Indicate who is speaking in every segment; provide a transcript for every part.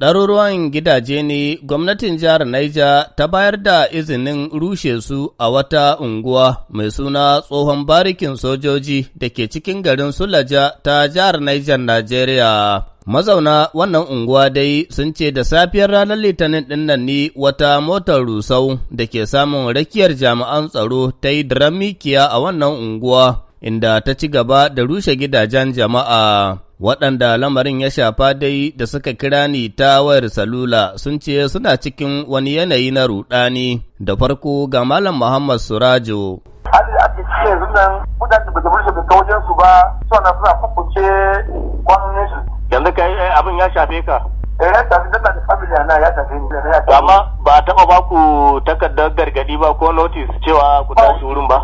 Speaker 1: Ɗaruruwan gidaje ne gwamnatin jihar Naija ta bayar da izinin rushe su a wata unguwa mai suna tsohon barikin sojoji da ke cikin garin Sulaja ta jihar Niger Najeriya. Mazauna wannan unguwa dai sun ce da safiyar ranar Litinin ɗin ne wata motar rusau da ke samun rakiyar jami'an tsaro ta yi dramikiya a wannan unguwa. inda ta ci gaba da rushe gidajen jama'a. Waɗanda lamarin ya shafa dai da suka kira ni ta wayar salula sun ce suna cikin wani yanayi na rudani da farko ga Malam Muhammad Surajo. Hali da ake cikin yanzu nan
Speaker 2: mutane da ba su ta wajen su ba suna suna kukkuce kwanan su. Yanzu kai eh, abin ya shafe ka. Eh ya shafe da family na ya shafe ni. Amma ba a taɓa ba ku takardar gargaɗi ba ko notice cewa ku tashi wurin ba.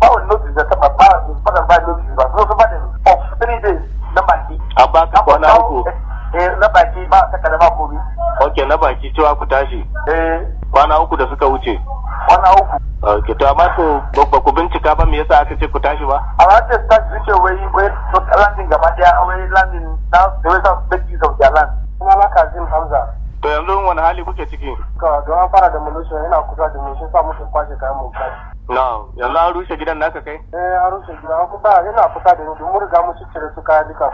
Speaker 2: ba wani notice da taba ba fadar ba notice ba so su ba da of three days na baki a ba kwana uku eh, eh, na baki ba ta kada ba komi na baki cewa ku tashi eh kwana uku da suka wuce kwana uku okay to amma to ba ku bincika ba me yasa aka ce ku tashi ba
Speaker 3: a wata tashi suke
Speaker 2: wai wai to landing gaba daya wai landing na da wai sa big is of their land kuma na Kazim Hamza to yanzu wani hali kuke ciki ka don an fara da militia yana kusa da mu sa muke kwashe kayan mu Na'am, yanzu an rushe gidan naka kai? Eh, an rushe gidan, an kusa yana fita da ni, mun riga mun cire su kaya duka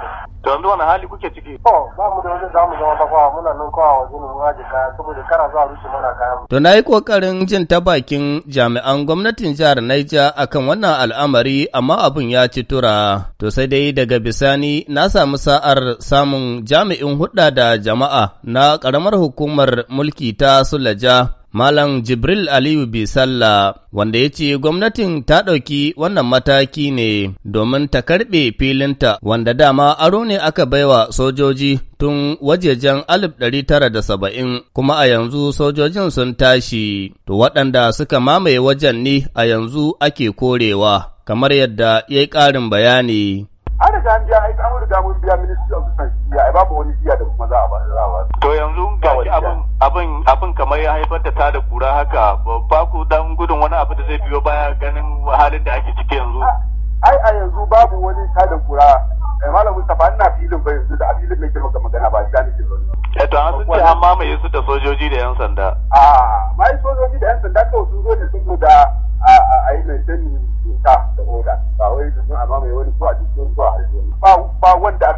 Speaker 2: To yanzu wani hali kuke ciki? To, ba mu da wajen za mu zama bakwa,
Speaker 3: muna nan kawa waje mu aje kaya saboda kara zuwa rushe mana kayan.
Speaker 1: To na yi kokarin jin ta bakin jami'an gwamnatin jihar Niger akan wannan al'amari amma abun ya ci tura. To sai dai daga bisani na samu sa'ar samun jami'in hudda da jama'a na ƙaramar hukumar mulki ta Sulaja. Malam Jibril Aliyu Bisalla wanda ya ce gwamnatin ta ɗauki wannan mataki ne domin ta karɓe filinta wanda dama aro ne aka baiwa sojoji tun wajejen 1970 kuma a yanzu sojojin sun tashi to waɗanda suka mamaye wajen ne a yanzu ake korewa kamar yadda ya yi ƙarin bayani.
Speaker 3: an riga an biya ai an riga mun biya ministry of defense biya babu wani biya da kuma za a ba
Speaker 2: to yanzu ga abin abin abin kamar ya haifar da tada kura haka ba ku dan gudun wani abu da zai biyo baya ganin halin da ake ciki yanzu
Speaker 3: ai a yanzu babu wani tada kura eh malam Mustafa ina filin ba yanzu da filin nake maka magana ba da nake zo
Speaker 2: eh to an sun ce an mamaye su da sojoji da yan sanda
Speaker 3: a mai sojoji da yan sanda kawai sun zo ne sun zo da a a yi mai sani ta da oda ba wai sun a mamaye wani ko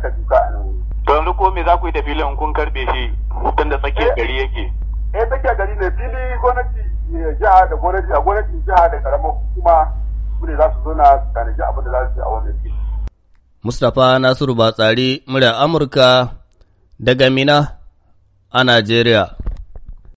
Speaker 3: aka duka a nan
Speaker 2: to yanzu ko me za ku yi da filin kun karbe shi tun da tsakiyar eh. gari yake
Speaker 3: eh tsakiyar gari ne fili gwamnati eh, jiha da gwamnati a gwamnati jiha da karamar hukuma su ne za su zo na tanaji abin da za su yi a wannan fili
Speaker 1: Mustapha Nasiru Batsari, murya Amurka daga Mina a Najeriya.